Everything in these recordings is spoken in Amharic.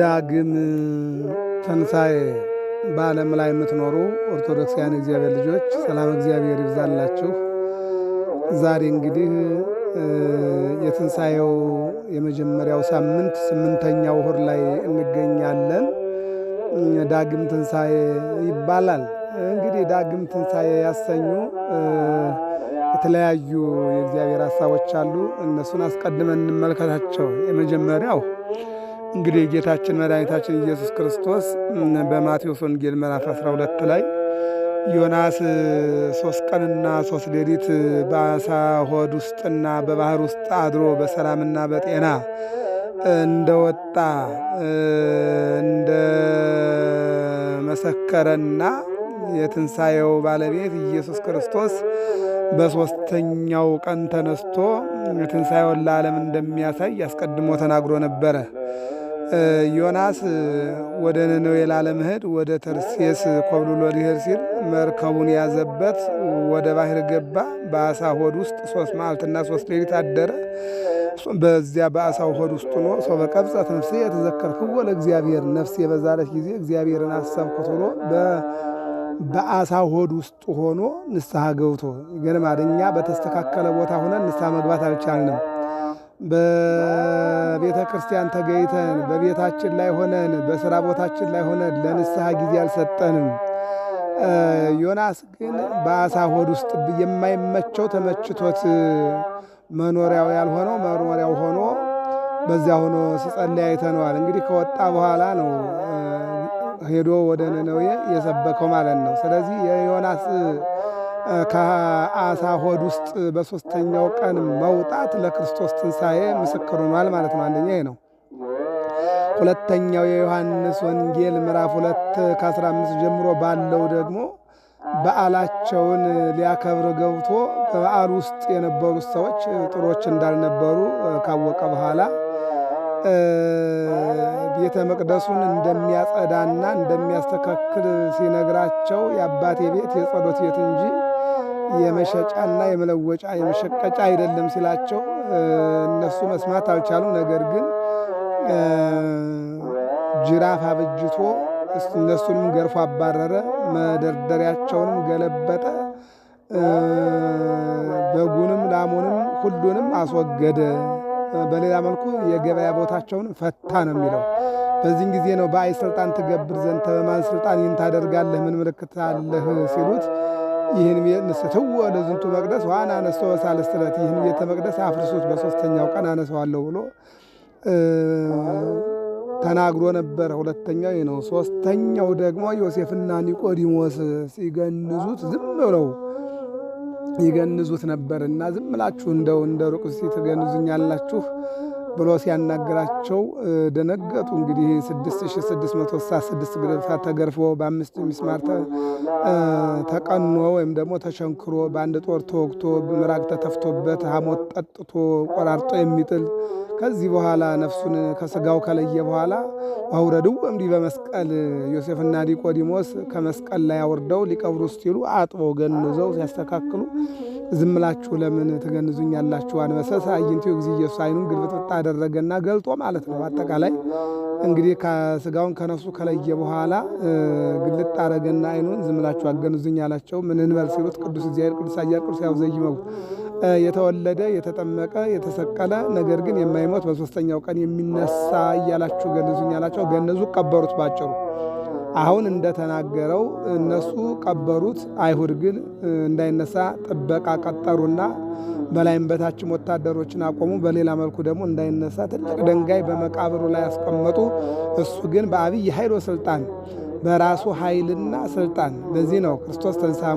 ዳግም ትንሣኤ በዓለም ላይ የምትኖሩ ኦርቶዶክሳውያን እግዚአብሔር ልጆች ሰላም እግዚአብሔር ይብዛላችሁ። ዛሬ እንግዲህ የትንሣኤው የመጀመሪያው ሳምንት ስምንተኛው እሑድ ላይ እንገኛለን። ዳግም ትንሣኤ ይባላል። እንግዲህ ዳግም ትንሣኤ ያሰኙ የተለያዩ የእግዚአብሔር ሀሳቦች አሉ። እነሱን አስቀድመን እንመልከታቸው። የመጀመሪያው እንግዲህ ጌታችን መድኃኒታችን ኢየሱስ ክርስቶስ በማቴዎስ ወንጌል ምዕራፍ 12 ላይ ዮናስ ሶስት ቀንና ሶስት ሌሊት በአሳ ሆድ ውስጥና በባህር ውስጥ አድሮ በሰላምና በጤና እንደወጣ እንደመሰከረና የትንሣኤው ባለቤት ኢየሱስ ክርስቶስ በሦስተኛው ቀን ተነስቶ ትንሣኤውን ለዓለም እንደሚያሳይ አስቀድሞ ተናግሮ ነበረ። ዮናስ ወደ ነነዌ ላለመሄድ ወደ ተርሴስ ኮብልሎ ሊሄድ ሲል መርከቡን ያዘበት፣ ወደ ባህር ገባ። በአሳ ሆድ ውስጥ ሶስት መዓልትና ሶስት ሌሊት አደረ። በዚያ በአሳው ሆድ ውስጥ ሆኖ ሰው በቀብጸት ነፍሴ የተዘከርክዎ እግዚአብሔር ነፍሴ በዛለች ጊዜ እግዚአብሔርን አሰብኩት ብሎ በአሳ ሆድ ውስጥ ሆኖ ንስሐ ገብቶ ግን ማደኛ በተስተካከለ ቦታ ሆነ ንስሐ መግባት አልቻልንም። በቤተ ክርስቲያን ተገኝተን በቤታችን ላይ ሆነን በስራ ቦታችን ላይ ሆነን ለንስሐ ጊዜ አልሰጠንም። ዮናስ ግን በአሳ ሆድ ውስጥ የማይመቸው ተመችቶት መኖሪያው ያልሆነው መኖሪያው ሆኖ በዚያ ሆኖ ሲጸልይ አይተነዋል። እንግዲህ ከወጣ በኋላ ነው ሄዶ ወደ ነነዌ የሰበከው ማለት ነው። ስለዚህ የዮናስ ከአሳ ሆድ ውስጥ በሶስተኛው ቀን መውጣት ለክርስቶስ ትንሣኤ ምስክር ሆኗል ማለት ነው። አንደኛ ነው። ሁለተኛው የዮሐንስ ወንጌል ምዕራፍ ሁለት ከ15 ጀምሮ ባለው ደግሞ በዓላቸውን ሊያከብር ገብቶ በበዓል ውስጥ የነበሩት ሰዎች ጥሮች እንዳልነበሩ ካወቀ በኋላ ቤተ መቅደሱን እንደሚያጸዳና እንደሚያስተካክል ሲነግራቸው የአባቴ ቤት የጸሎት ቤት እንጂ የመሸጫና የመለወጫ የመሸቀጫ አይደለም ሲላቸው እነሱ መስማት አልቻሉ። ነገር ግን ጅራፍ አብጅቶ እነሱንም ገርፎ አባረረ። መደርደሪያቸውንም ገለበጠ። በጉንም ላሙንም ሁሉንም አስወገደ። በሌላ መልኩ የገበያ ቦታቸውን ፈታ ነው የሚለው። በዚህን ጊዜ ነው በአይ ስልጣን ትገብር ዘንድ ተበማን ስልጣን ይህን ታደርጋለህ? ምን ምልክት አለህ? ሲሉት ይህን ንስትው ወደ ዝንቱ መቅደስ ዋና አነስቶ ሣልስት ዕለት ይህን ቤተ መቅደስ አፍርሶት በሶስተኛው ቀን አነሰዋለሁ ብሎ ተናግሮ ነበረ። ሁለተኛው ነው። ሶስተኛው ደግሞ ዮሴፍና ኒቆዲሞስ ሲገንዙት ዝም ብለው ይገንዙት ነበር እና ዝም ብላችሁ እንደው እንደ ሩቅ ሲ ትገንዙኛላችሁ ብሎ ሲያናግራቸው ደነገጡ። እንግዲህ 6666 ግርፋት ተገርፎ በአምስት ሚስማር ተቀኖ ወይም ደግሞ ተሸንክሮ በአንድ ጦር ተወግቶ ምራቅ ተተፍቶበት ሐሞት ጠጥቶ ቆራርጦ የሚጥል ከዚህ በኋላ ነፍሱን ከስጋው ከለየ በኋላ አውረድው እምዲ በመስቀል ዮሴፍና ኒቆዲሞስ ከመስቀል ላይ አውርደው ሊቀብሩ ስትሉ አጥበው ገንዘው ሲያስተካክሉ ዝምላችሁ ለምን ትገንዙኛላችሁ? አንበሰሰ አዕይንቲሁ እግዚእ ኢየሱስ አይኑን ግልብጥብጥ አደረገና ገልጦ ማለት ነው። አጠቃላይ እንግዲህ ከስጋውን ከነፍሱ ከለየ በኋላ ግልጥ አደረገና አይኑን ዝምላችሁ አገንዙኝ አላቸው። ምን እንበል ሲሉት ቅዱስ እግዚአብሔር ቅዱስ አያር ቅዱስ ያው ዘይመቡ የተወለደ የተጠመቀ የተሰቀለ ነገር ግን የማይሞት በሶስተኛው ቀን የሚነሳ እያላችሁ ገንዙኝ ያላቸው ገነዙ፣ ቀበሩት። ባጭሩ አሁን እንደተናገረው እነሱ ቀበሩት። አይሁድ ግን እንዳይነሳ ጥበቃ ቀጠሩና በላይም በታችም ወታደሮችን አቆሙ። በሌላ መልኩ ደግሞ እንዳይነሳ ትልቅ ድንጋይ በመቃብሩ ላይ ያስቀመጡ። እሱ ግን በአብይ ኃይሎ ስልጣን በራሱ ኃይልና ስልጣን። ለዚህ ነው ክርስቶስ ተንሥአ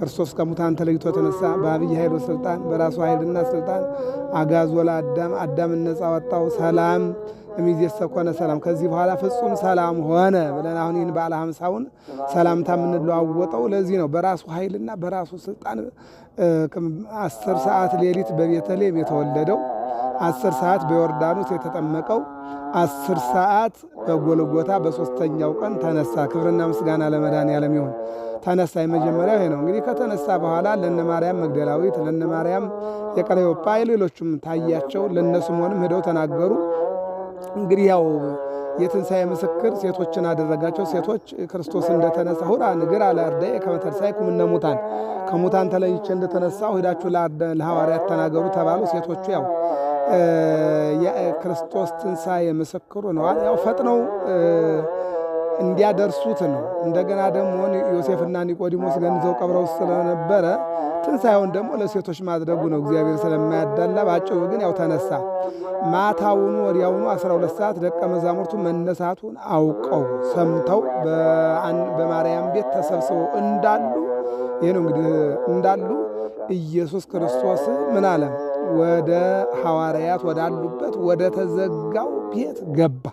ክርስቶስ ከሙታን ተለይቶ ተነሳ። በአብይ ኃይል ስልጣን በራሱ ኃይልና ስልጣን አጋዞ ለአዳም አዳምን ነጻ ወጣው። ሰላም እምይእዜሰ ኮነ ሰላም፣ ከዚህ በኋላ ፍጹም ሰላም ሆነ ብለን አሁን ይህን በዓለ ሀምሳውን ሰላምታ የምንለዋወጠው ለዚህ ነው። በራሱ ኃይልና በራሱ ስልጣን አስር ሰዓት ሌሊት በቤተልሔም የተወለደው አስር ሰዓት በዮርዳኖስ የተጠመቀው አስር ሰዓት በጎልጎታ በሶስተኛው ቀን ተነሳ። ክብርና ምስጋና ለመድኃኔዓለም ይሁን። ተነሳ የመጀመሪያው ይሄ ነው። እንግዲህ ከተነሳ በኋላ ለነ ማርያም መግደላዊት፣ ለነ ማርያም የቀለዮጳ ሌሎቹም ታያቸው። ለነ ስምዖንም ሄደው ተናገሩ። እንግዲህ ያው የትንሣኤ ምስክር ሴቶችን አደረጋቸው። ሴቶች ክርስቶስ እንደተነሳ ሁዳ ንግር አለ አርዳኤ ከመ ተንሣእኩ ሙታን ከሙታን ተለይቼ እንደተነሳ ሄዳችሁ ለሐዋርያት ተናገሩ ተባሉ። ሴቶቹ ያው የክርስቶስ ትንሣኤ ምስክሩ ነዋል። ያው ፈጥነው እንዲያደርሱት ነው። እንደገና ደግሞ ዮሴፍና ኒቆዲሞስ ገንዘው ቀብረው ስለነበረ ትንሣኤውን ደግሞ ለሴቶች ማድረጉ ነው እግዚአብሔር ስለማያዳላ። በአጭሩ ግን ያው ተነሳ። ማታውኑ ወዲያውኑ 12 ሰዓት ደቀ መዛሙርቱ መነሳቱን አውቀው ሰምተው በማርያም ቤት ተሰብስበው እንዳሉ ይህ ነው እንግዲህ እንዳሉ ኢየሱስ ክርስቶስ ምን አለም ወደ ሐዋርያት ወዳሉበት ወደ ተዘጋው ቤት ገባ።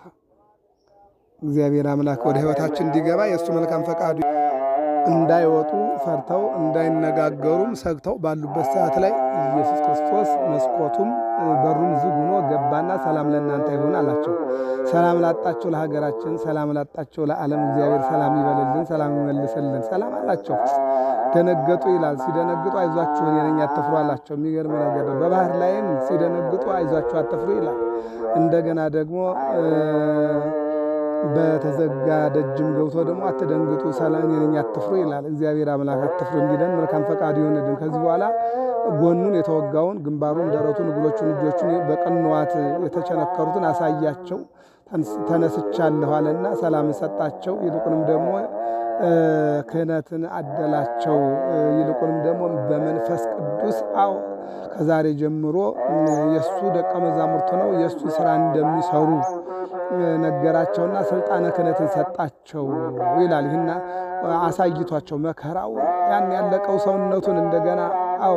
እግዚአብሔር አምላክ ወደ ሕይወታችን እንዲገባ የእሱ መልካም ፈቃዱ እንዳይወጡ ፈርተው እንዳይነጋገሩም ሰግተው ባሉበት ሰዓት ላይ ኢየሱስ ክርስቶስ መስኮቱም በሩም ዝግ ሆኖ ገባና ሰላም ለእናንተ ይሁን አላቸው። ሰላም ላጣቸው ለሀገራችን፣ ሰላም ላጣቸው ለዓለም እግዚአብሔር ሰላም ይበልልን፣ ሰላም ይመልስልን። ሰላም አላቸው። ደነገጡ ይላል። ሲደነግጡ አይዟችሁ እኔ ነኝ አትፍሩ አላቸው። የሚገርም ነገር ነው። በባህር ላይም ሲደነግጡ አይዟችሁ አትፍሩ ይላል። እንደገና ደግሞ በተዘጋ ደጅም ገብቶ ደግሞ አትደንግጡ፣ ሰላም እኔ ነኝ አትፍሩ ይላል። እግዚአብሔር አምላክ አትፍሩ እንዲለን መልካም ፈቃድ ይሆንልን። ከዚህ በኋላ ጎኑን የተወጋውን ግንባሩን፣ ደረቱን፣ እግሮቹን፣ እጆቹን በቅንዋት የተቸነከሩትን አሳያቸው ተነስቻለኋልና ሰላም ሰጣቸው። ይልቁንም ደግሞ ክህነትን አደላቸው። ይልቁንም ደግሞ በመንፈስ ቅዱስ አው ከዛሬ ጀምሮ የእሱ ደቀ መዛሙርት ነው የእሱ ስራ እንደሚሰሩ ነገራቸውና ስልጣነ ክህነትን ሰጣቸው ይላል። ይህና አሳይቷቸው መከራው ያን ያለቀው ሰውነቱን እንደገና አዎ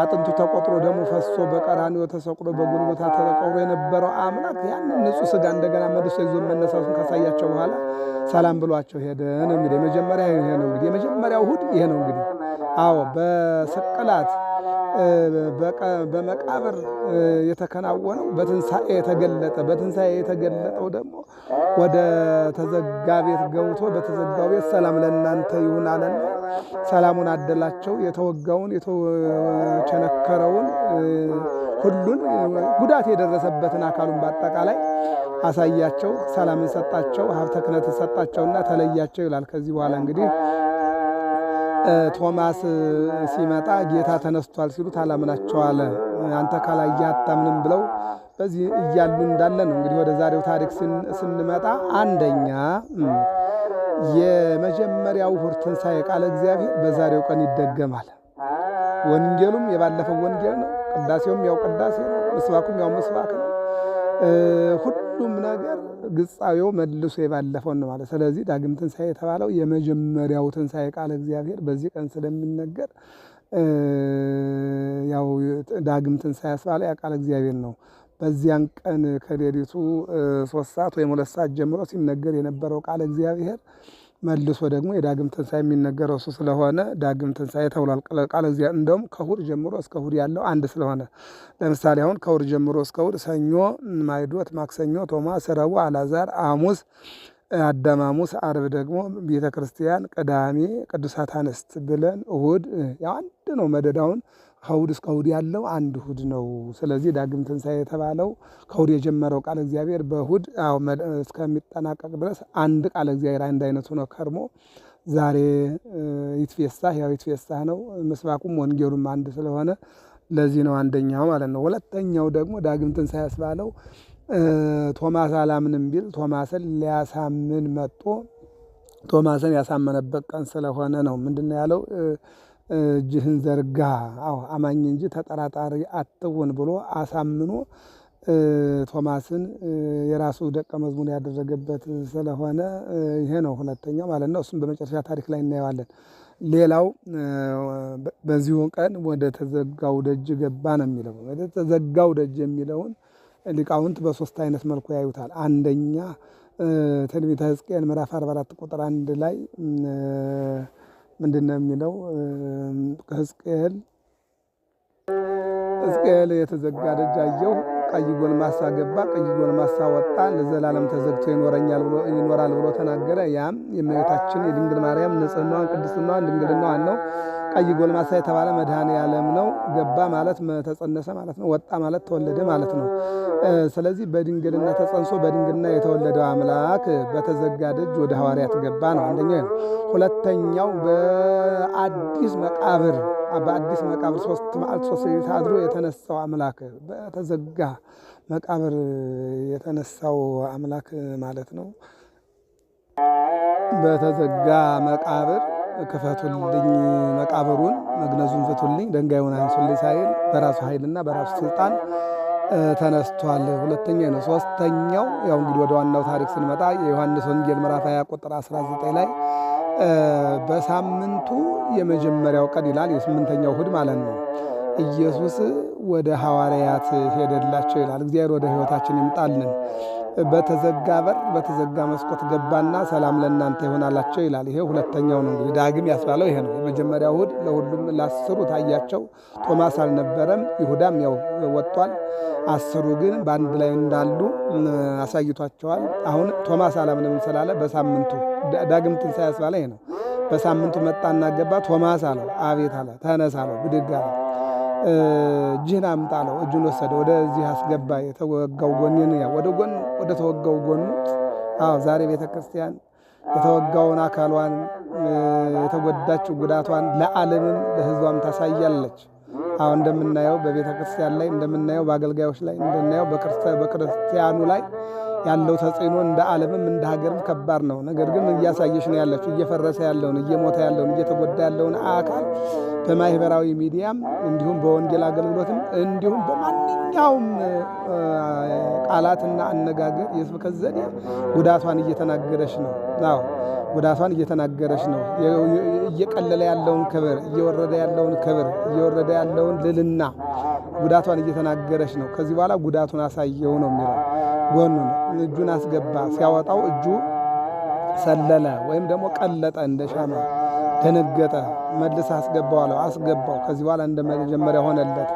አጥንቱ ተቆጥሮ ደግሞ ፈሶ በቀራንዮ ተሰቅሎ በጉልበታ ተቀብሮ የነበረው አምላክ ያንን ንጹህ ስጋ እንደገና መልሶ ይዞ መነሳቱን ካሳያቸው በኋላ ሰላም ብሏቸው ሄደ ነው እንግዲህ። የመጀመሪያ ይሄ ነው እንግዲህ የመጀመሪያው እሑድ ይሄ ነው እንግዲህ። አዎ በስቅላት በመቃብር የተከናወነው በትንሣኤ የተገለጠ በትንሣኤ የተገለጠው ደግሞ ወደ ተዘጋ ቤት ገብቶ በተዘጋው ቤት ሰላም ለእናንተ ይሁን አለና ሰላሙን አደላቸው። የተወጋውን የተቸነከረውን፣ ሁሉን ጉዳት የደረሰበትን አካሉን በአጠቃላይ አሳያቸው፣ ሰላምን ሰጣቸው፣ ሀብተ ክህነትን ሰጣቸውና ተለያቸው ይላል። ከዚህ በኋላ እንግዲህ ቶማስ ሲመጣ ጌታ ተነስቷል ሲሉት አላምናቸው አለ። አንተ ካላየህ አታምንም ብለው በዚህ እያሉ እንዳለ ነው። እንግዲህ ወደ ዛሬው ታሪክ ስንመጣ አንደኛ የመጀመሪያው እሑድ ትንሣኤ ቃለ እግዚአብሔር በዛሬው ቀን ይደገማል። ወንጌሉም የባለፈው ወንጌል ነው። ቅዳሴውም ያው ቅዳሴ ነው። ምስባኩም ያው ምስባክ ነው። ሁሉም ነገር ግጻዌው መልሶ የባለፈውን ነው ማለት። ስለዚህ ዳግም ትንሣኤ የተባለው የመጀመሪያው ትንሣኤ ቃለ እግዚአብሔር በዚህ ቀን ስለሚነገር ያው ዳግም ትንሣኤ ያስባለ ያ ቃለ እግዚአብሔር ነው። በዚያን ቀን ከሌሊቱ ሶስት ሰዓት ወይም ሁለት ሰዓት ጀምሮ ሲነገር የነበረው ቃለ እግዚአብሔር መልሶ ደግሞ የዳግም ትንሣኤ የሚነገረው እሱ ስለሆነ ዳግም ትንሣኤ ተብሏል። ቃለ እግዚአብሔር እንደውም ከእሑድ ጀምሮ እስከ ሁድ ያለው አንድ ስለሆነ ለምሳሌ አሁን ከሁድ ጀምሮ እስከ እሑድ ሰኞ፣ ማይዶት፣ ማክሰኞ፣ ቶማስ፣ ረቡዕ፣ አላዛር አሙስ አዳም፣ አርብ ደግሞ ቤተ ክርስቲያን፣ ቅዳሜ ቅዱሳት አንስት ብለን እሁድ ። ያው አንድ ነው መደዳውን ከእሑድ እስከ እሑድ ያለው አንድ ሁድ ነው። ስለዚህ ዳግም ትንሣኤ የተባለው ከእሑድ የጀመረው ቃለ እግዚአብሔር በሁድ እስከሚጠናቀቅ ድረስ አንድ ቃለ እግዚአብሔር አንድ አይነት ሆኖ ከርሞ ዛሬ ይትፌሳህ ያው ይትፌሳህ ነው። ምስባኩም ወንጌሉም አንድ ስለሆነ ለዚህ ነው አንደኛው ማለት ነው። ሁለተኛው ደግሞ ዳግም ትንሣኤ ያስባለው ቶማስ አላምንም ቢል ቶማስን ሊያሳምን መጥቶ ቶማስን ያሳመነበት ቀን ስለሆነ ነው። ምንድን ነው ያለው? እጅህን ዘርጋ አዎ አማኝ እንጂ ተጠራጣሪ አትሁን ብሎ አሳምኖ ቶማስን የራሱ ደቀ መዝሙር ያደረገበት ስለሆነ ይሄ ነው ሁለተኛው ማለት ነው። እሱም በመጨረሻ ታሪክ ላይ እናየዋለን። ሌላው በዚሁን ቀን ወደ ተዘጋው ደጅ ገባ ነው የሚለው። ወደ ተዘጋው ደጅ የሚለውን ሊቃውንት በሶስት አይነት መልኩ ያዩታል። አንደኛ ትንቢተ ሕዝቅኤል ምዕራፍ 44 ቁጥር አንድ ላይ ምንድን ነው የሚለው? ሕዝቅኤል ሕዝቅኤል የተዘጋ ደጅ አየሁ፣ ቀይ ጎልማሳ ገባ፣ ቀይ ጎልማሳ ወጣ፣ ለዘላለም ተዘግቶ ይኖራል ብሎ ተናገረ። ያም የእመቤታችን የድንግል ማርያም ንጽህናዋን ቅድስናዋን ድንግልናዋን ነው። ቀይ ጎልማሳ የተባለ መድኃኔ ዓለም ነው። ገባ ማለት ተጸነሰ ማለት ነው። ወጣ ማለት ተወለደ ማለት ነው። ስለዚህ በድንግልና ተጸንሶ በድንግልና የተወለደው አምላክ በተዘጋ ደጅ ወደ ሐዋርያት ገባ ነው። አንደኛው ሁለተኛው በአዲስ መቃብር በአዲስ መቃብር ሶስት መዓልት ሶስት ሌሊት አድሮ የተነሳው አምላክ በተዘጋ መቃብር የተነሳው አምላክ ማለት ነው። በተዘጋ መቃብር ክፈቱልኝ መቃብሩን፣ መግነዙን ፍቱልኝ፣ ደንጋዩን አንሱልኝ ሳይል በራሱ ኃይልና በራሱ ስልጣን ተነስቷል። ሁለተኛ ነው። ሶስተኛው ያው እንግዲህ ወደ ዋናው ታሪክ ስንመጣ የዮሐንስ ወንጌል ምዕራፍ 20 ቁጥር 19 ላይ በሳምንቱ የመጀመሪያው ቀን ይላል፣ የስምንተኛው እሑድ ማለት ነው። ኢየሱስ ወደ ሐዋርያት ሄደላቸው ይላል። እግዚአብሔር ወደ ሕይወታችን ይምጣልን። በተዘጋ በር በተዘጋ መስኮት ገባና ሰላም ለእናንተ ይሆናላቸው ይላል። ይሄ ሁለተኛው ነው እንግዲህ ዳግም ያስባለው ይሄ ነው። የመጀመሪያው እሑድ ለሁሉም ለአስሩ ታያቸው። ቶማስ አልነበረም፣ ይሁዳም ያው ወጥቷል። አስሩ ግን በአንድ ላይ እንዳሉ አሳይቷቸዋል። አሁን ቶማስ አላምንም ስላለ በሳምንቱ ዳግም ትንሣኤ ያስባለ ይሄ ነው። በሳምንቱ መጣና ገባ። ቶማስ አለው አቤት አለ ተነስ አለው ብድግ አለው እጅህን አምጣ አለው። እጁን ወሰደ፣ ወደዚህ አስገባ። የተወጋው ጎኔን ያ ወደ ጎን ወደ ተወጋው ጎኑ። አዎ ዛሬ ቤተ ክርስቲያን የተወጋውን አካሏን የተጎዳችው ጉዳቷን ለዓለምም ለሕዝቧም ታሳያለች። አሁ እንደምናየው በቤተ ክርስቲያን ላይ እንደምናየው በአገልጋዮች ላይ እንደምናየው በክርስቲያኑ ላይ ያለው ተጽዕኖ እንደ ዓለምም እንደ ሀገርም ከባድ ነው። ነገር ግን እያሳየች ነው ያለችው እየፈረሰ ያለውን እየሞተ ያለውን እየተጎዳ ያለውን አካል በማህበራዊ ሚዲያም እንዲሁም በወንጌል አገልግሎትም እንዲሁም በማንኛውም ቃላትና አነጋገር የስብከት ዘዴ ጉዳቷን እየተናገረች ነው። አዎ ጉዳቷን እየተናገረች ነው። እየቀለለ ያለውን ክብር፣ እየወረደ ያለውን ክብር፣ እየወረደ ያለውን ልልና ጉዳቷን እየተናገረች ነው። ከዚህ በኋላ ጉዳቱን አሳየው ነው የሚለው። ጎኑን እጁን አስገባ፣ ሲያወጣው እጁ ሰለለ ወይም ደግሞ ቀለጠ እንደ ሻማ ደነገጠ። መልስ አስገባው አለው። አስገባው። ከዚህ በኋላ እንደመጀመሪያ ሆነለት።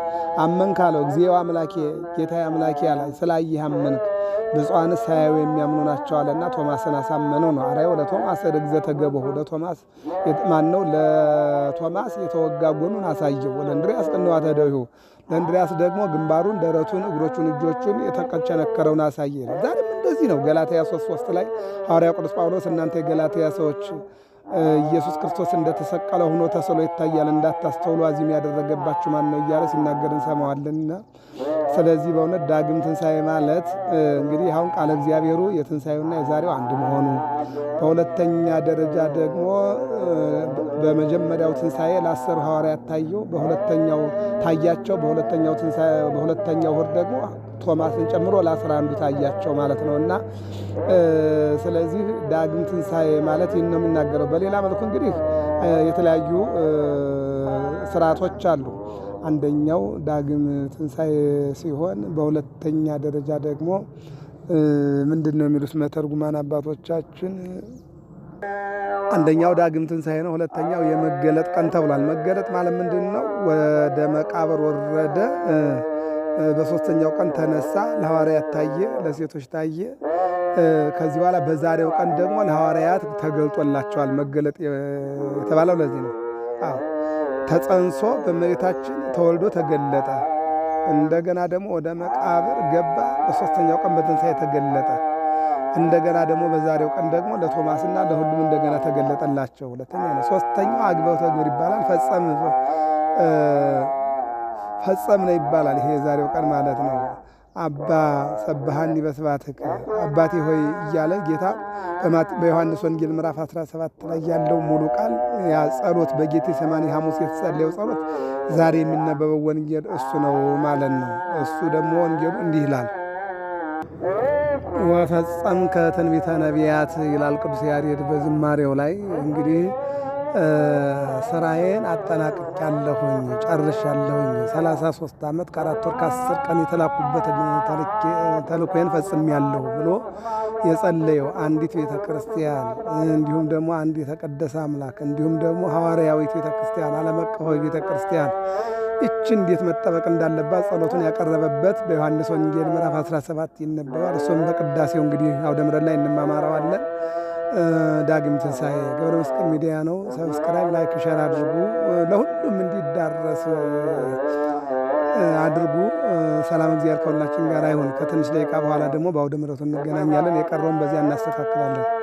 አመንክ አለው። እግዚኦ አምላኬ ጌታ አምላኬ አለ። ስላየህ አመንክ ብፁዓን ሳያዩ የሚያምኑ ናቸው አለና ቶማስን አሳመነው ነው። አርአዮ ለቶማስ ርግዘ ተገበሁ ለቶማስ ነው? ለቶማስ የተወጋ ጎኑን አሳየው። ለእንድሪያስ ቅንዋተ እደዊሁ ለእንድሪያስ ደግሞ ግንባሩን፣ ደረቱን፣ እግሮቹን፣ እጆቹን የተቀቸነከረውን አሳየ ነው። ዛሬም እንደዚህ ነው። ገላትያ 3 3 ላይ ሐዋርያው ቅዱስ ጳውሎስ እናንተ የገላትያ ሰዎች ኢየሱስ ክርስቶስ እንደተሰቀለ ሆኖ ተስሎ ይታያል። እንዳታስተውሉ አዚም ያደረገባችሁ ማን ነው እያለ ሲናገር እንሰማዋለንና፣ ስለዚህ በእውነት ዳግም ትንሣኤ ማለት እንግዲህ አሁን ቃለ እግዚአብሔሩ የትንሣኤውና የዛሬው አንድ መሆኑ፣ በሁለተኛ ደረጃ ደግሞ በመጀመሪያው ትንሣኤ ለአስር ሐዋርያት ታየው፣ በሁለተኛው ታያቸው፣ በሁለተኛው ትንሣኤ በሁለተኛው እሑድ ደግሞ ቶማስን ጨምሮ ለአስራ አንዱ ታያቸው ማለት ነው እና ስለዚህ ዳግም ትንሣኤ ማለት ይህን ነው የሚናገረው። በሌላ መልኩ እንግዲህ የተለያዩ ስርዓቶች አሉ። አንደኛው ዳግም ትንሣኤ ሲሆን በሁለተኛ ደረጃ ደግሞ ምንድን ነው የሚሉት መተርጉማን አባቶቻችን አንደኛው ዳግም ትንሣኤ ነው። ሁለተኛው የመገለጥ ቀን ተብሏል። መገለጥ ማለት ምንድን ነው? ወደ መቃብር ወረደ፣ በሶስተኛው ቀን ተነሳ፣ ለሐዋርያት ታየ፣ ለሴቶች ታየ። ከዚህ በኋላ በዛሬው ቀን ደግሞ ለሐዋርያት ተገልጦላቸዋል። መገለጥ የተባለው ለዚህ ነው። ተጸንሶ በመሬታችን ተወልዶ ተገለጠ። እንደገና ደግሞ ወደ መቃብር ገባ፣ በሶስተኛው ቀን በትንሣኤ ተገለጠ። እንደገና ደግሞ በዛሬው ቀን ደግሞ ለቶማስና ለሁሉም እንደገና ተገለጠላቸው። ሁለተኛ ነው። ሶስተኛው አግበው ተግብር ይባላል። ፈጸም ፈጸም ነው ይባላል። ይሄ የዛሬው ቀን ማለት ነው። አባ ሰብሃኒ በስብሐትከ አባቴ ሆይ እያለ ጌታ በዮሐንስ ወንጌል ምዕራፍ 17 ላይ ያለው ሙሉ ቃል ያ ጸሎት በጌቴ ሰማኒ ሐሙስ የተጸለየው ጸሎት ዛሬ የሚነበበው ወንጌል እሱ ነው ማለት ነው። እሱ ደግሞ ወንጌሉ እንዲህ ይላል ወፈጸምከ ትንቢተ ነቢያት ይላል ቅዱስ ያሬድ በዝማሬው ላይ እንግዲህ ስራዬን አጠናቅቄያለሁኝ ጨርሻለሁኝ። 33 ዓመት ከአራት ወር ከአስር ቀን የተላኩበት ፈጽም ፈጽሜያለሁ ብሎ የጸለየው አንዲት ቤተ ክርስቲያን እንዲሁም ደግሞ አንድ የተቀደሰ አምላክ እንዲሁም ደግሞ ሐዋርያዊት ቤተ ክርስቲያን ዓለም አቀፋዊ ቤተ ክርስቲያን ይች እንዴት መጠበቅ እንዳለባት ጸሎቱን ያቀረበበት በዮሐንስ ወንጌል ምዕራፍ 17 ይነበባል። እሱም በቅዳሴው እንግዲህ አውደምረን ላይ እንማማረዋለን። ዳግም ትንሣኤ ገብረ መስቀል ሚዲያ ነው። ሰብስክራይብ፣ ላይክ፣ ሸር አድርጉ። ለሁሉም እንዲዳረስ አድርጉ። ሰላም እግዚአብሔር ከሁላችን ጋር ይሁን። ከትንሽ ደቂቃ በኋላ ደግሞ በአውደ ምሕረቱ እንገናኛለን። የቀረውን በዚያ እናስተካክላለን።